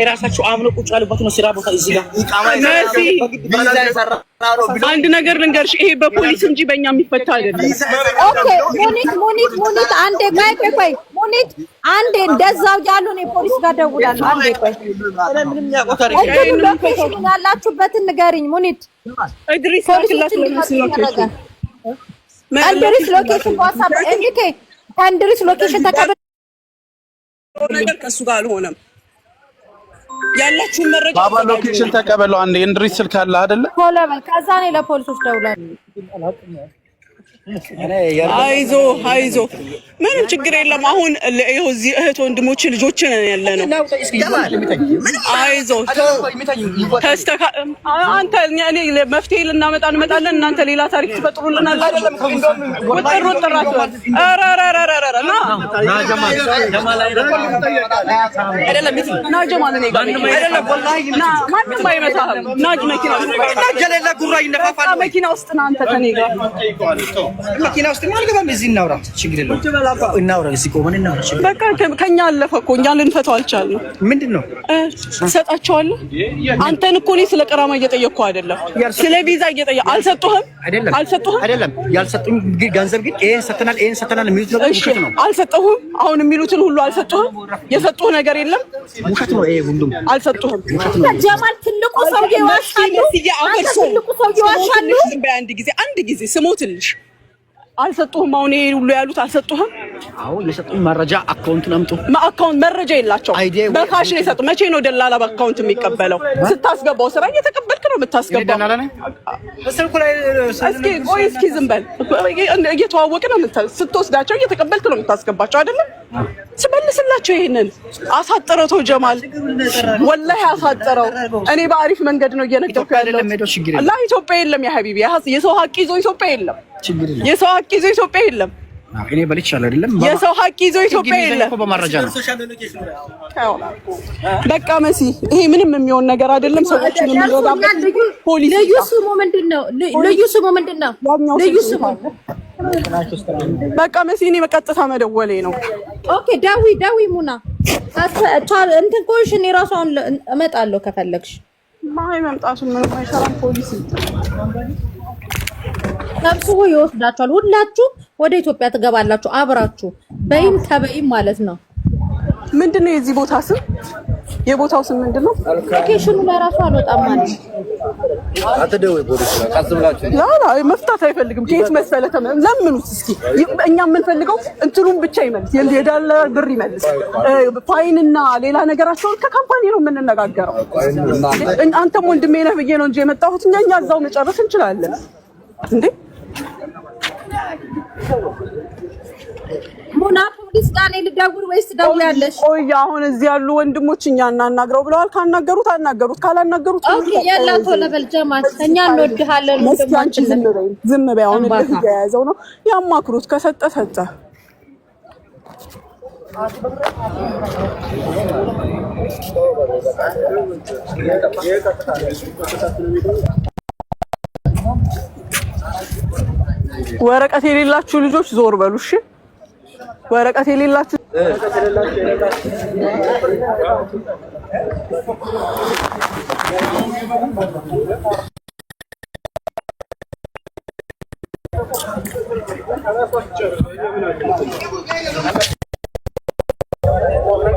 የራሳችሁ አምኖ ቁጭ ያሉበት ነው። ስራ ቦታ እዚህ ጋር አንድ ነገር ልንገርሽ፣ ይሄ በፖሊስ እንጂ በእኛ የሚፈታ አይደለም። ሙኒት ሙኒት ሙኒት አንዴ ቆይ ቆይ ቆይ ሙኒት አንዴ እንደዛው ያሉን የፖሊስ ጋር ደውላለሁ። አንዴ ቆይ እንትኑ ሎኬሽኑን ያላችሁበትን ንገሪኝ ሙኒት። እድሪስ ሎኬሽን በዋትስአፕ አንድሪስ ሎኬሽን ተቀበል ነገር ከሱ ጋር አልሆነም። ያላችሁን መረጃ ባባ ሎኬሽን ተቀበለው። አንድ እንድሪስ ስልክ አለ አይደለ? ከዛ እኔ ለፖሊሶች ደውላለሁ። አይዞ አይዞ፣ ምንም ችግር የለም። አሁን ይኸው እዚህ እህት ወንድሞች ልጆች ነን ያለ ነው። አይዞ አንተ እኔ መፍትሄ ልናመጣ እንመጣለን። እናንተ ሌላ ታሪክ ትፈጥሩልናል። ወጥሮ ጥራቱ መኪና ውስጥ አንተ ከኔ ጋር መኪና ውስጥ አልገባም። እዚህ እናውራ፣ ችግር የለውም። እናውራ፣ እዚህ ቆመን እናውራ። በቃ ከኛ አለፈ እኮ እኛ ልንፈታው አልቻልንም። ምንድን ነው ትሰጣቸዋለህ? አንተን እኮ እኔ ስለ ቀራማ እየጠየቅኩህ አይደለም፣ ስለ ቪዛ እየጠየቅ አልሰጡህም። አልሰጡህም አይደለም ያልሰጡኝ ገንዘብ ግን ይሄን ሰተናል፣ ይሄን ሰተናል የሚሉት ነገር ውሸት ነው። አልሰጠሁም። አሁን የሚሉትን ሁሉ አልሰጡህም። የሰጡህ ነገር የለም። ውሸት ነው ይሄ ሁሉም። አልሰጡህም። ጀማል ትልቁ ሰው ይዋሻሉ። አንድ ጊዜ አንድ ጊዜ ስሞትልሽ አልሰጡህም። አሁን ይሄ ሁሉ ያሉት አልሰጡህም። አዎ የሰጡን መረጃ አካውንት ነምጡ አካውንት መረጃ የላቸው። በካሽ ነው የሰጡ። መቼ ነው ደላላ በአካውንት የሚቀበለው? ስታስገባው ስራ እየተቀበልክ ነው የምታስገባው። እስኪ ቆይ እስኪ ዝም በል። እየተዋወቅ ነው ስትወስዳቸው እየተቀበልክ ነው የምታስገባቸው አይደለም? ስመልስላቸው ይሄንን አሳጠረው። ተው ጀማል፣ ወላሂ አሳጠረው። እኔ በአሪፍ መንገድ ነው እየነገርኩ ያለው። ኢትዮጵያ የለም ያ ሀቢቢ፣ የሰው ሀቅ ይዞ ኢትዮጵያ የለም። የሰው ሀቅ ይዞ ኢትዮጵያ የለም። እኔ በልቻለሁ አይደለም። የሰው ሀቅ ይዞ ኢትዮጵያ የለም። በማረጃ ነው። በቃ መሲ፣ ይሄ ምንም የሚሆን ነገር አይደለም። ሰዎችን የሚረዳበት ፖሊስ። ልዩ ስሙ ምንድን ነው? ልዩ ስሙ ምንድን ነው? ልዩ ስሙ በቃ መሲ፣ እኔ በቀጥታ መደወሌ ነው። ኦኬ፣ ደዊ ደዊ፣ ሙና እንትን ኮሽ፣ እኔ ራሱ አሁን እመጣለሁ ከፈለግሽ። ማይ መምጣቱ ምንም አይሰራም ፖሊስ ሰብስቦ ይወስዳችኋል። ሁላችሁ ወደ ኢትዮጵያ ትገባላችሁ አብራችሁ በይም ተበይም ማለት ነው። ምንድን ነው የዚህ ቦታ ስም? የቦታው ስም ምንድን ነው? ሎኬሽኑ ለራሱ ራሱ አልወጣም ማለት መፍታት አይፈልግም። ከየት መሰለ ለምኑት እስኪ እኛ የምንፈልገው እንትኑን ብቻ ይመልስ፣ የዳለ ብር ይመልስ። ፋይንና ሌላ ነገራቸውን ከካምፓኒ ነው የምንነጋገረው። አንተም ወንድሜ ነህ ብዬ ነው እንጂ የመጣሁት እኛ እዛው መጨረስ እንችላለን እንዴ ሙና ፖሊስ ጋር ልደውል ወይስ ደውያለሽ? ቆይ አሁን እዚህ ያሉ ወንድሞች እኛ እናናግረው ብለዋል። ካናገሩት አናገሩት፣ ካላናገሩት የላት ወለበል ጀማት እኛ እንወድሃለን። ዝም በይ አሁን እየያዘው ነው ያማክሩት። ከሰጠ ሰጠ ወረቀት የሌላችሁ ልጆች ዞር በሉ እሺ። ወረቀት የሌላችሁ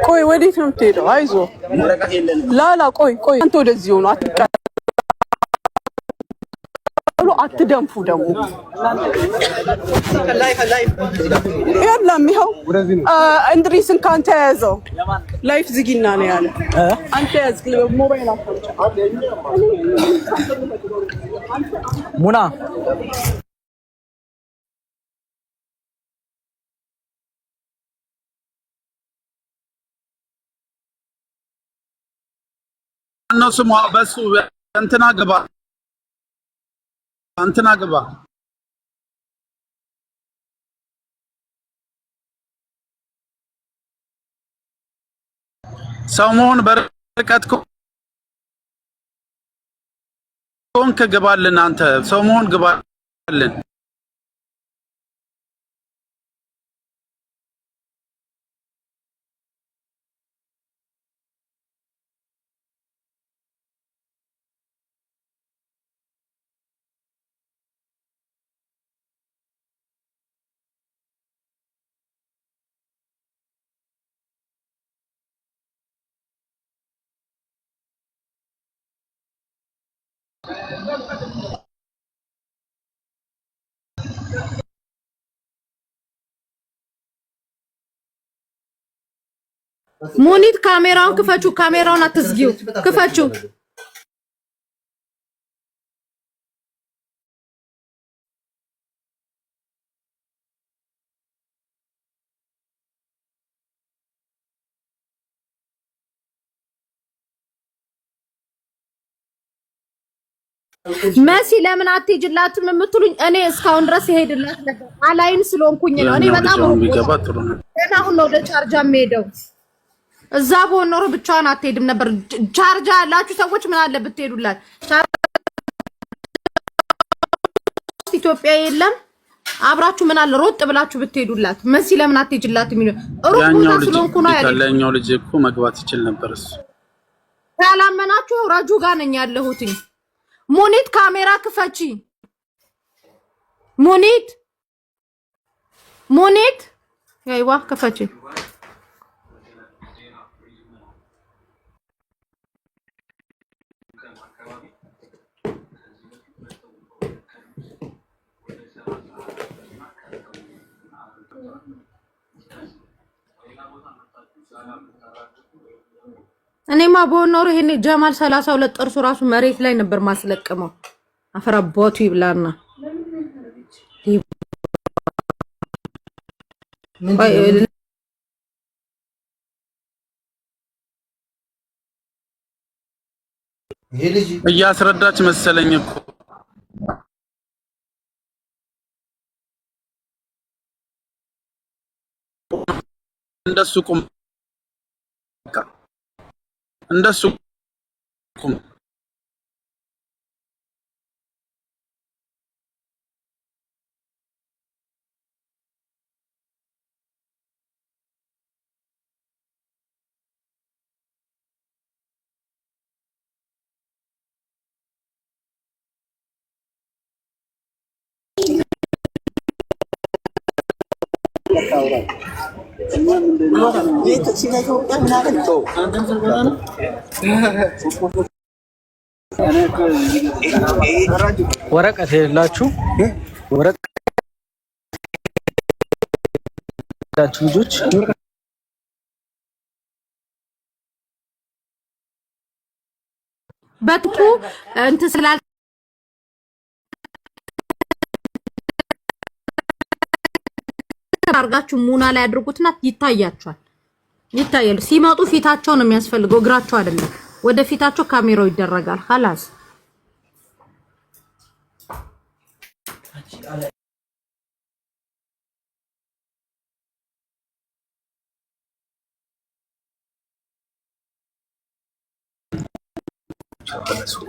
ቆይ፣ ወዴት ነው የምትሄደው? አይዞ ላላ፣ ቆይ ቆይ፣ አንተ ወደዚህ ሆኖ አትቃ አትደንፉ። ደግሞ የለም ይኸው እንድሪስን ከአንተ የያዘው ላይፍ ዝጊና ነው ያለ አንተ ያዝ ሞባይል ሙና እነሱ በሱ እንትና ግባ አንተና ግባ ሰው መሆን በርቀት ከሆንክ ግባልን። አንተ ሰው መሆን ግባልን። ሙኒት ካሜራውን ክፈቹ። ካሜራውን አትዝጊው፣ ክፈቹ። መሲ ለምን አትሄጂላትም የምትሉኝ፣ እኔ እስካሁን ድረስ ይሄድላት ነበር። አላይን ስለሆንኩኝ ነው። እኔ በጣም ገና አሁን ነው ወደ ቻርጃ የምሄደው። እዛ በሆን ኖሮ ብቻዋን አትሄድም ነበር። ቻርጃ ያላችሁ ሰዎች ምን አለ ብትሄዱላት። ኢትዮጵያ የለም አብራችሁ ምን አለ ሮጥ ብላችሁ ብትሄዱላት። መሲ ለምን አትሄጂላት? የሚለው ሮጥ ስለሆንኩ ነው ያለ። ያኛው ልጅ እኮ መግባት ይችል ነበር እሱ። ያላመናችሁ ራጁ ጋር ነኝ ያለሁት። ሙኒት ካሜራ ክፈቺ። ሙኒት ሙኒት፣ አይዋ ክፈቺ እኔማ በሆነ ኖሮ ይሄኔ ጀማል ሰላሳ ሁለት ጥርሱ ራሱ መሬት ላይ ነበር ማስለቅመው። አፈራባቱ ይብላና እያስረዳች መሰለኝ እኮ እንደሱ ቁም understood restaurante. ወረቀት የሌላችሁ ወረቀት ልጆች በትኩ እንትን ስላል በደንብ አድርጋችሁ ሙና ላይ አድርጉትና ይታያችኋል። ይታያሉ። ሲመጡ ፊታቸው ነው የሚያስፈልገው፣ እግራቸው አይደለም። ወደ ፊታቸው ካሜራው ይደረጋል። ኸላስ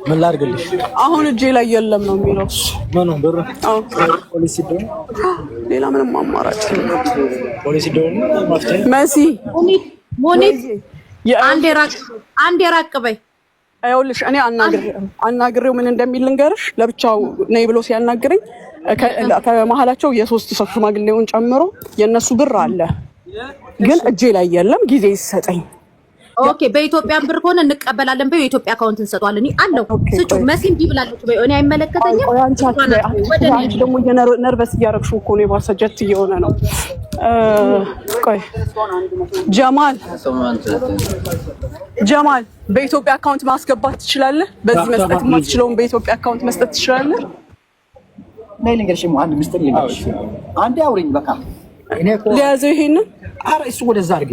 ምን ላድርግልሽ? አሁን እጄ ላይ የለም ነው የሚለው። ምኑ ብር? ሌላ ምንም አማራጭ መሲ አንድ የራቅ በይ ይኸውልሽ እኔ አናግሬው ምን እንደሚል ልንገርሽ። ለብቻው ነይ ብሎ ሲያናግረኝ ከመሀላቸው የሶስት ሰው ሽማግሌውን ጨምሮ የእነሱ ብር አለ፣ ግን እጄ ላይ የለም ጊዜ ይሰጠኝ ኦኬ፣ በኢትዮጵያ ብር ከሆነ እንቀበላለን በ የኢትዮጵያ አካውንት እንሰጠዋለን አለው። ስጩ መሲ እንዲህ ብላለች በይው። እኔ አይመለከተኝም። ደግሞ ነርቨስ እያደረግሽው እኮ ነው። የባሰ ጀት እየሆነ ነው። ቆይ ጀማል ጀማል፣ በኢትዮጵያ አካውንት ማስገባት ትችላለህ። በዚህ መስጠት የማትችለውን በኢትዮጵያ አካውንት መስጠት ትችላለህ። ናይ ልንገርሽ፣ አንድ ምስጢር ልንገርሽ። አንዴ አውሪኝ በቃ ሊያዘው ይሄንን። አረ እሱ ወደዛ አድርጌ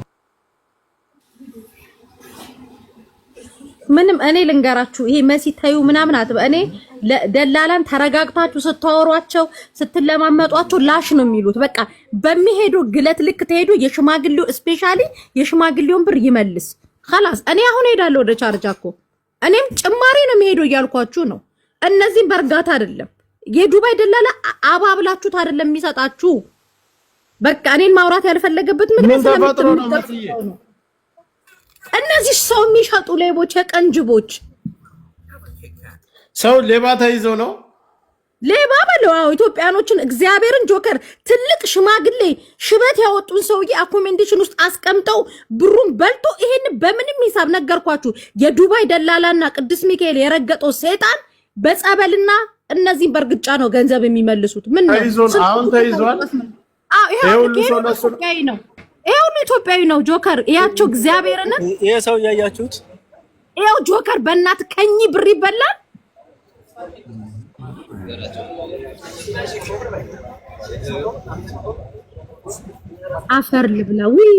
ምንም እኔ ልንገራችሁ፣ ይሄ መሲ ታዩ ምናምን አትበ እኔ ደላላን ተረጋግታችሁ ስታወሯቸው ስትለማመጧቸው ላሽ ነው የሚሉት። በቃ በሚሄዱ ግለት ልክ ተሄዱ። የሽማግሌው ስፔሻሊ የሽማግሌውን ብር ይመልስ ላስ እኔ አሁን ሄዳለሁ ወደ ቻርጃ እኮ እኔም ጭማሪ ነው የሚሄደው እያልኳችሁ ነው። እነዚህም በእርጋታ አይደለም የዱባይ ደላላ አባብላችሁት አይደለም የሚሰጣችሁ። በቃ እኔን ማውራት ያልፈለገበት ምን ነው እነዚህ ሰው የሚሸጡ ሌቦች፣ የቀንጅቦች ሰው ሌባ ተይዞ ነው ሌባ በለው። አዎ ኢትዮጵያኖችን እግዚአብሔርን ጆከር ትልቅ ሽማግሌ ሽበት ያወጡን ሰውዬ አኮሜንዴሽን ውስጥ አስቀምጠው ብሩን በልቶ ይሄን በምንም ሂሳብ ነገርኳችሁ። የዱባይ ደላላና ቅዱስ ሚካኤል የረገጠው ሴጣን በጸበልና እነዚህም በእርግጫ ነው ገንዘብ የሚመልሱት። ምን ነው አሁን ተይዟል። አዎ ይሄ ነው ይሄ ኢትዮጵያዊ ነው። ጆከር እያቸው እግዚአብሔርን ይሄ ሰው እያያችሁት ይሄው ጆከር በእናት ቀኝ ብር ይበላል። አፈር ልብላ። ውይ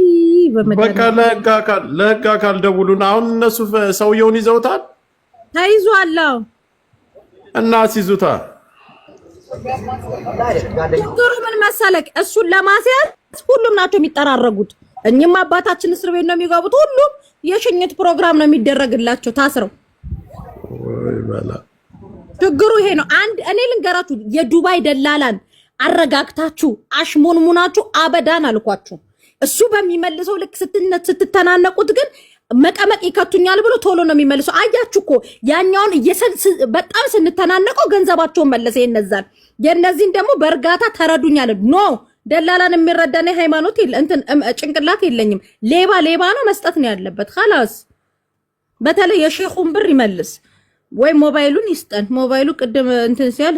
በቃ ለህግ አካል ለህግ አካል ደውሉን። አሁን እነሱ ሰውየውን ይዘውታል። ተይዟለሁ እና ሲዙታ ችግሩ ምን መሰለክ እሱን ለማስያዝ ሁሉም ናቸው የሚጠራረጉት። እኚህም አባታችን እስር ቤት ነው የሚገቡት። ሁሉም የሽኝት ፕሮግራም ነው የሚደረግላቸው ታስረው። ችግሩ ይሄ ነው። አንድ እኔ ልንገራችሁ፣ የዱባይ ደላላን አረጋግታችሁ አሽሞንሙናችሁ አበዳን አልኳችሁ። እሱ በሚመልሰው ልክ ስትተናነቁት ግን መቀመቅ ይከቱኛል ብሎ ቶሎ ነው የሚመልሰው። አያችሁ እኮ ያኛውን በጣም ስንተናነቀው ገንዘባቸውን መለሰ የነዛን። የነዚህን ደግሞ በእርጋታ ተረዱኛል ኖ ደላላን የሚረዳ የሚረዳኔ ሃይማኖት እንትን ጭንቅላት የለኝም። ሌባ ሌባ ነው፣ መስጠት ነው ያለበት። ኸላስ በተለይ የሼኹን ብር ይመልስ ወይ ሞባይሉን ይስጠን። ሞባይሉ ቅድም እንትን ሲያል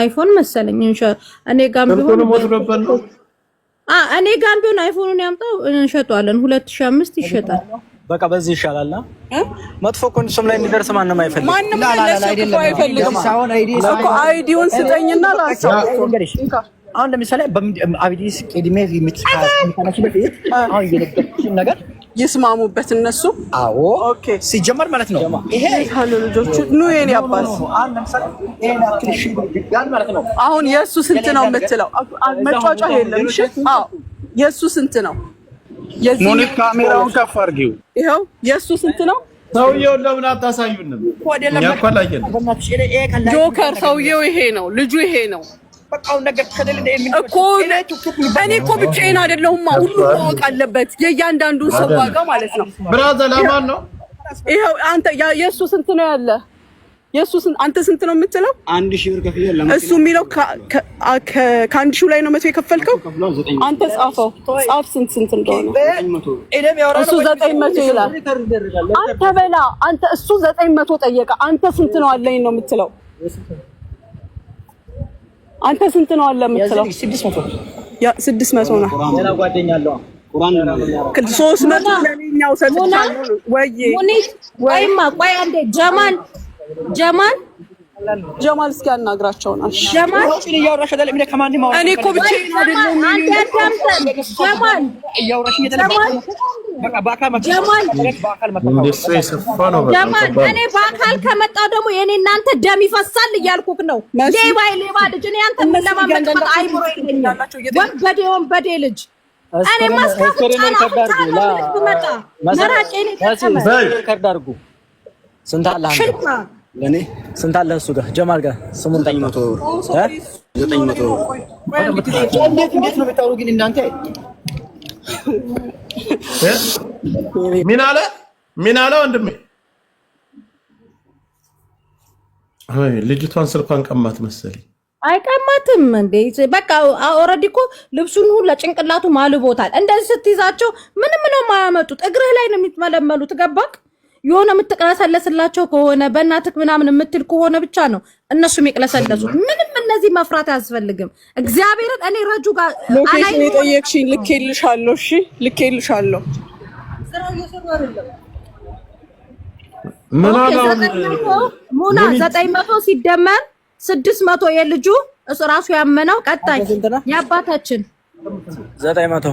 አይፎን መሰለኝ እኔ ጋም ቢሆን አ እኔ ጋም ቢሆን አይፎኑን ያምጣው እንሸጠዋለን። 2005 ይሸጣል። በቃ በዚህ ይሻላል። መጥፎ ኮንዲሽን ላይ እንዲደርስ ማንም አይፈልግም። ማንም አይፈልግም። አይዲውን ስጠኝና ላሳው አሁን ለምሳሌ አቤዲስ ቅድሜ የነገርኩሽን ነገር ይስማሙበት እነሱ። አዎ ኦኬ። ሲጀመር ማለት ነው ይሄ ካሉ ልጆቹ ኑ የኔ አባት አሁን የእሱ ስንት ነው የምትለው መጫጫ የለም። እሺ አዎ የእሱ ስንት ነው? ሞኒክ ካሜራውን ከፍ አድርጊው። ይኸው የእሱ ስንት ነው? ሰውየውን ለምን አታሳዩንም? ጆከር ሰውየው ይሄ ነው፣ ልጁ ይሄ ነው እኔ እኮ ብቻዬን አይደለሁማ። ሁሉም ማወቅ አለበት የእያንዳንዱን ሰው ዋጋ ማለት ነው። ብራዘር ለማን ነው ይኸው? አንተ የእሱ ስንት ነው ያለ? የእሱ አንተ ስንት ነው የምትለው? አንድ ሺህ ብር ከፍያለሁ። እሱ የሚለው ከአንድ ሺው ላይ ነው መቶ የከፈልከው አንተ። ጻፈው፣ ጻፍ ስንት ስንት እንደሆነ። እሱ ዘጠኝ መቶ ይላል። አንተ በላ አንተ። እሱ ዘጠኝ መቶ ጠየቀ። አንተ ስንት ነው አለኝ ነው የምትለው? አንተ ስንት ነው አለ የምትለው? ያ 600 ነው። ሌላ ጓደኛ አለው ሶስት መቶ ለኛው ሰጥቻለሁ። ወይ ወይማ ቆይ አንዴ ጀማን ጀማን ጀማል እስኪ ያናግራቸውና ጀማል እያወራሽ አይደለም። እኔ እኮ በአካል ከመጣው ደግሞ የኔ እናንተ ደም ይፈሳል እያልኩክ ነው። ሌባ ሌባ ልጅ እኔ አንተ ለማመቅመጥ አይምሮ ወንበዴ ወንበዴ ልጅ እኔ ማስካፍ ነው ብመጣ መራቄ ሽልማ ለኔ ስንት አለ? እሱ ጋር ጀማል ጋር ስሙን ጠኝ መቶ ብር ዘጠኝ መቶ ብር እንዴት ነው ብታወሩ ግን እናንተ ምን አለ ምን አለ ወንድሜ ልጅቷን ስልኳን ቀማት መሰለኝ። አይቀማትም እንዴ! በቃ ኦልሬዲ እኮ ልብሱን ሁሉ ለጭንቅላቱ ማልቦታል። እንደዚህ ስትይዛቸው ምንም ነው የማያመጡት። እግርህ ላይ ነው የሚመለመሉት። ገባክ? የሆነ የምትቅለሰለስላቸው ከሆነ በእናትህ ምናምን የምትል ከሆነ ብቻ ነው እነሱም የቅለሰለሱት። ምንም እነዚህ መፍራት አያስፈልግም። እግዚአብሔርን እኔ ረጁ ጋር ሎኬሽን የጠየቅሽኝ ልኬልሻለሁ። እሺ ልኬልሻለሁ። ሙና ዘጠኝ መቶ ሲደመር ስድስት መቶ የልጁ እሱ ራሱ ያመነው ቀጣይ የአባታችን ዘጠኝ መቶ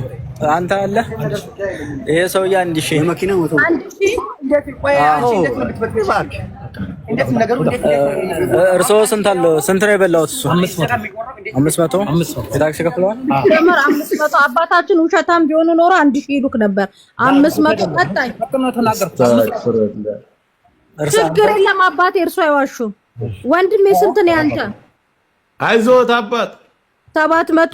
አንተ አለ ይሄ ሰውዬ አንድ ሺህ መኪና መቶ እርሶ ስንት አለው? ስንት ነው የበላሁት? እሱ አምስት መቶ የታክሲ ከፍለዋል። አምስት መቶ አባታችን ውሸታም ቢሆኑ ኖሮ አንድ ሺህ ይሉክ ነበር። አምስት መቶ ቀጣይ ችግር የለም አባቴ፣ እርሶ አይዋሹም። ወንድሜ ስንት ነው ያንተ? አይዞት አባት ሰባት መቶ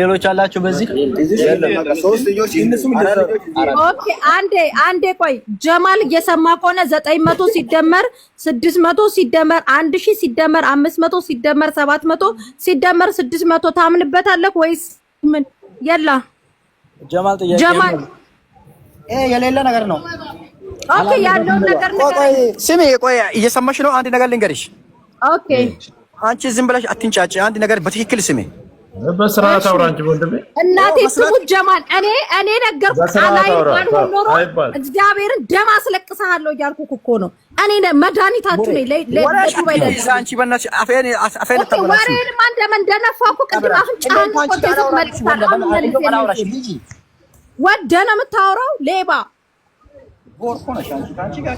ሌሎች አላችሁ። በዚህ አንዴ ቆይ ጀማል እየሰማ ከሆነ ዘጠኝ መቶ ሲደመር ስድስት መቶ ሲደመር አንድ ሺህ ሲደመር አምስት መቶ ሲደመር ሰባት መቶ ሲደመር ስድስት መቶ ታምንበታለህ ወይስ ምን? የላ ጀማል ጀማል የሌለ ነገር ነው። ኦኬ ያለውን ነገር ስሚ፣ ቆይ እየሰማሽ ነው። አንድ ነገር ልንገርሽ ኦኬ አንቺ ዝም ብለሽ አትንጫጭ። አንድ ነገር በትክክል ስሜ በስርዓት አውራ እንጂ ወንድሜ። እናቴ ስሙ ጀማል፣ እኔ እኔ ነገርኩህ። አላይ ማን ኖሮ እግዚአብሔርን ደም አስለቅስሃለሁ እያልኩህ እኮ ነው። እኔ መድኃኒታችሁ ነኝ። ለዱባይ አንቺ በእናትሽ አፌን አፌን ተበላሽ። ወሬንማ እንደምን እንደነፋሁ እኮ ቅድም አፍንጫህን ቆጥተህ መልስታል። አሁን መልስ ወደነ የምታወራው ሌባ ጎርኮ ነሽ አንቺ። ጋር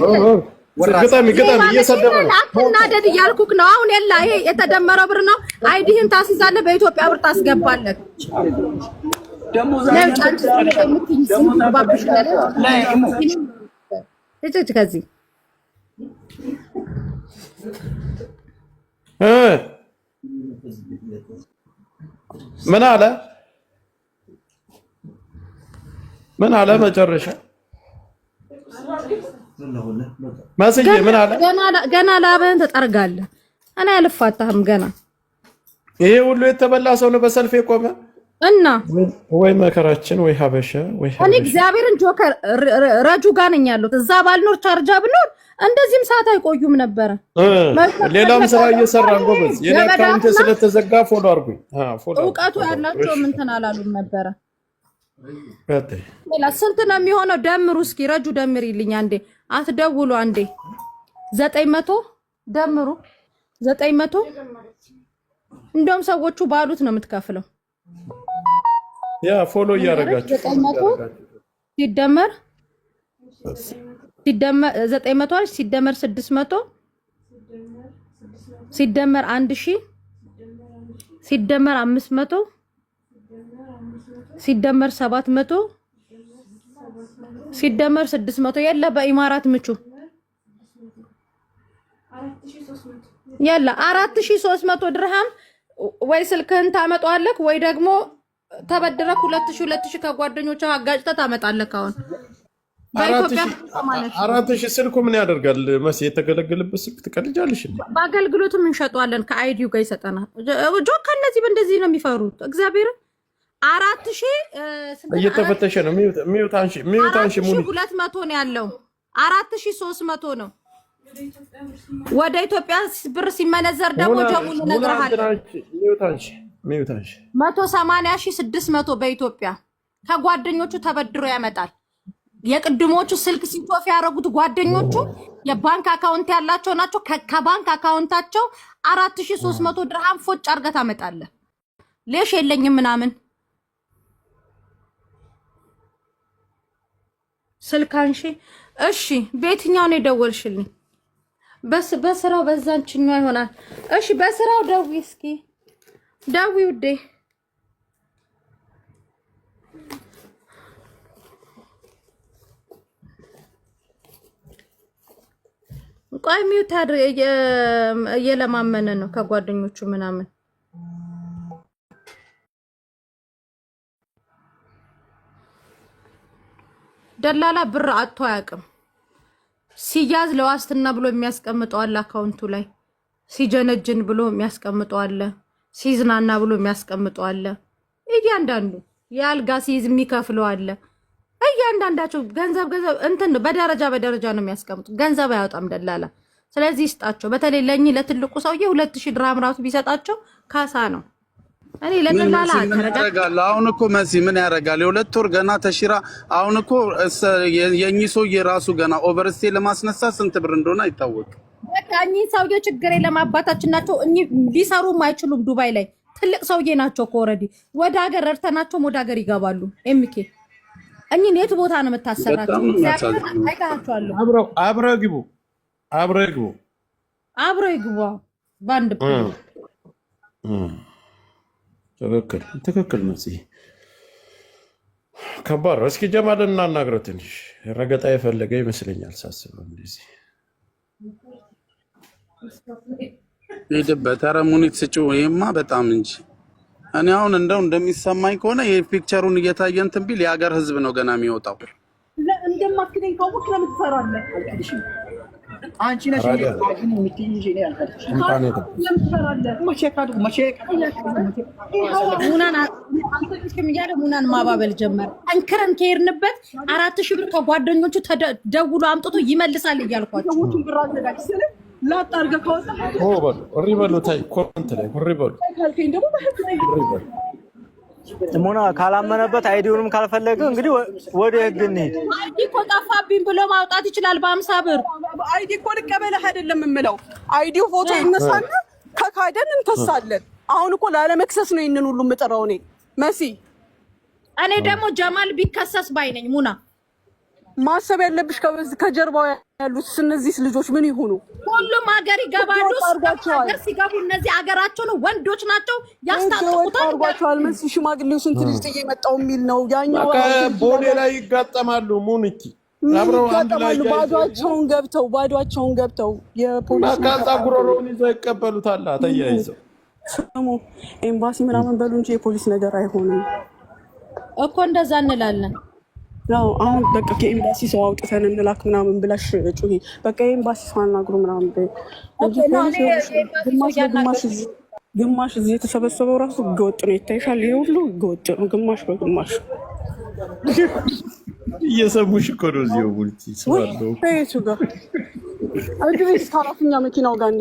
ቅድም ገጣሚ ገጣሚ እየሰደበ አትናደድ እያልኩህ ነው። አሁን የላ ይሄ የተደመረው ብር ነው። አይዲህን ታስይዛለህ፣ በኢትዮጵያ ብር ታስገባለህ። ከዚህ ምን አለ ምን አለ መጨረሻ ገና ላብህን ትጠርጋለህ። እኔ አልፋታህም። ገና ይሄ ሁሉ የተበላ ሰው ነው በሰልፍ የቆመ እና ወይ መከራችን ወይ ሀበሻ ወይ እኔ እግዚአብሔርን ጆከር ረጁ ጋር ነኝ ያሉት እዛ ባልኖር ቻርጃ ብኖር እንደዚህም ሰዓት አይቆዩም ነበረ። ሌላም ስራ እየሰራን ጎበዝ። የኔ አካውንት ስለተዘጋ ፎሎ አድርጉኝ። እውቀቱ ያላቸውም እንትን አላሉም ነበረ ስንት ነው የሚሆነው? ደምሩ እስኪ ረጁ ደምሪልኝ አንዴ። አትደውሉ አንዴ። ዘጠኝ መቶ ደምሩ። ዘጠኝ መቶ እንደውም ሰዎቹ ባሉት ነው የምትከፍለው። ያ ፎሎ እያደረጋችሁ ዘጠኝ መቶ ሲደመር ሲደመር ዘጠኝ መቶ አለች ሲደመር ስድስት መቶ ሲደመር አንድ ሺህ ሲደመር አምስት መቶ ሲደመር ሰባት መቶ ሲደመር ስድስት መቶ የለ በኢማራት ምቹ የለ አራት ሺህ መቶ ድርሃም ወይ ስልክህን ወይ ደግሞ ተበድረክ ሁለት ሺህ ሁለት ሺህ ከጓደኞቿ አጋጭተህ ታመጣለህ። አሁን አራት ስልኩ ምን ያደርጋል መስ የተገለገለበት ስልክ ትቀልጃለሽ። በአገልግሎትም እንሸጠዋለን ከአይዲዩ ጋር ይሰጠናል። ጆ ከእነዚህ በእንደዚህ ነው የሚፈሩት እግዚአብሔርን አራት ሺ እየተፈተሸ ነው። ሙሉ ሁለት መቶ ነው ያለው። አራት ሶስት መቶ ነው ወደ ኢትዮጵያ ብር ሲመነዘር ደግሞ መቶ ሰማንያ ስድስት መቶ በኢትዮጵያ ከጓደኞቹ ተበድሮ ያመጣል። የቅድሞቹ ስልክ ሲቶፍ ያደረጉት ጓደኞቹ የባንክ አካውንት ያላቸው ናቸው። ከባንክ አካውንታቸው አራት ሶስት መቶ ድርሃም ፎጭ አድርገህ ታመጣለህ። ሌሽ የለኝም ምናምን ስልክ አንሺ። እሺ፣ በየትኛው ነው የደወልሽልኝ? በስራው በዛንችኛው ይሆናል። እሺ፣ በስራው ደዊ እስኪ ደዊ ውዴ። ቆይ ሚዩት እየለማመነ ነው ከጓደኞቹ ምናምን ደላላ ብር አጥቶ አያውቅም። ሲያዝ ለዋስትና ብሎ የሚያስቀምጠው አለ፣ አካውንቱ ላይ ሲጀነጅን ብሎ የሚያስቀምጠው አለ፣ ሲዝናና ብሎ የሚያስቀምጠው አለ። እያንዳንዱ የአልጋ ሲይዝ የሚከፍለው አለ። እያንዳንዳቸው ገንዘብ ገንዘብ እንትን በደረጃ በደረጃ ነው የሚያስቀምጡ። ገንዘብ አያወጣም ደላላ። ስለዚህ ይስጣቸው። በተለይ ለእኚህ ለትልቁ ሰውዬ ሁለት ሺህ ድራም ራሱ ቢሰጣቸው ካሳ ነው። አሁን እኮ መሲ ምን ያደርጋል? የሁለት ወር ገና ተሽራ። አሁን እኮ የእኚህ ሰውዬ ራሱ ገና ኦቨርስቴ ለማስነሳት ስንት ብር እንደሆነ አይታወቅም። በቃ እኚህ ሰውዬ ችግር የለም አባታችን ናቸው። እኚህ ሊሰሩም አይችሉም። ዱባይ ላይ ትልቅ ሰውዬ ናቸው። ከወረዲ ወደ ሀገር ረድተናቸውም ወደ ሀገር ይገባሉ። ኤምኬ እኚህን የት ቦታ ነው የምታሰራቸው? አይታቸዋለሁ። አብረው ግቡ፣ አብረው ግቡ፣ አብረው ይግቡ በአንድ ትክክል ትክክል መ ከባድ ነው። እስኪ ጀማልን እናናግረው። ትንሽ ረገጣ የፈለገ ይመስለኛል ሳስበው። እንደዚህ ሂድበት። ኧረ ሙኒት ስጭው። ይሄማ በጣም እንጂ እኔ አሁን እንደው እንደሚሰማኝ ከሆነ ይሄ ፒክቸሩን እየታየ እንትን ቢል የሀገር ህዝብ ነው ገና የሚወጣው። እንደማክደኝ ካወቅ ለምን አንቺ ነሽ እያለ ሙናን ማባበል ጀመር። ጠንክረን ከሄድንበት አራት ሺህ ብር ከጓደኞቹ ደውሎ አምጥቶ ይመልሳል እያልኳቸው ላጣርገ ሙና ካላመነበት አይዲውንም ካልፈለገ እንግዲህ ወደ ህግ እንሄድ አይዲ እኮ ጠፋብኝ ብሎ ማውጣት ይችላል በአምሳ ብር። አይዲ እኮ ልቀበልህ አይደለም የምለው አይዲው ፎቶ ይነሳና ከካደን እንተሳለን። አሁን እኮ ላለመክሰስ ነው ይህንን ሁሉ የምጥረው እኔ መሲ። እኔ ደግሞ ጀማል ቢከሰስ ባይነኝ ሙና ማሰብ ያለብሽ ከጀርባው ያሉት እነዚህ ልጆች ምን ይሆኑ? ሁሉም ሀገር ይገባሉ። ሀገር ሲገቡ እነዚህ ሀገራቸው ነው፣ ወንዶች ናቸው ያስታጥቁታል። አርጓቸዋል። መስ ሽማግሌው ስንት ልጅ ጥዬ መጣው የሚል ነው። ያኛው ቦሌ ላይ ይጋጠማሉ። ሙኒኪ ይጋጠማሉ። ባዷቸውን ገብተው ባዷቸውን ገብተው የፖሊስ ካዛ ጉሮሮውን ይዘው ይቀበሉታል። ተያይዘው ስሙ ኤምባሲ ምናምን በሉ እንጂ የፖሊስ ነገር አይሆንም እኮ እንደዛ እንላለን። ነው አሁን በቃ ከኤምባሲ ሰው አውጥተን እንላክ ምናምን ብለሽ ጩሂ። በቃ የኤምባሲ ሰው አናግሩ ምናምን ግማሽ እዚህ የተሰበሰበው ራሱ ህገወጥ ነው ይታይሻል። ይሄ ሁሉ ህገወጥ ነው፣ ግማሽ በግማሽ እየሰሙሽ እኮ ነው። እዚሁ ቡልቲ ስባለው ቤቱ ጋር እንግዲህ ኃላፊኛ መኪናው ጋር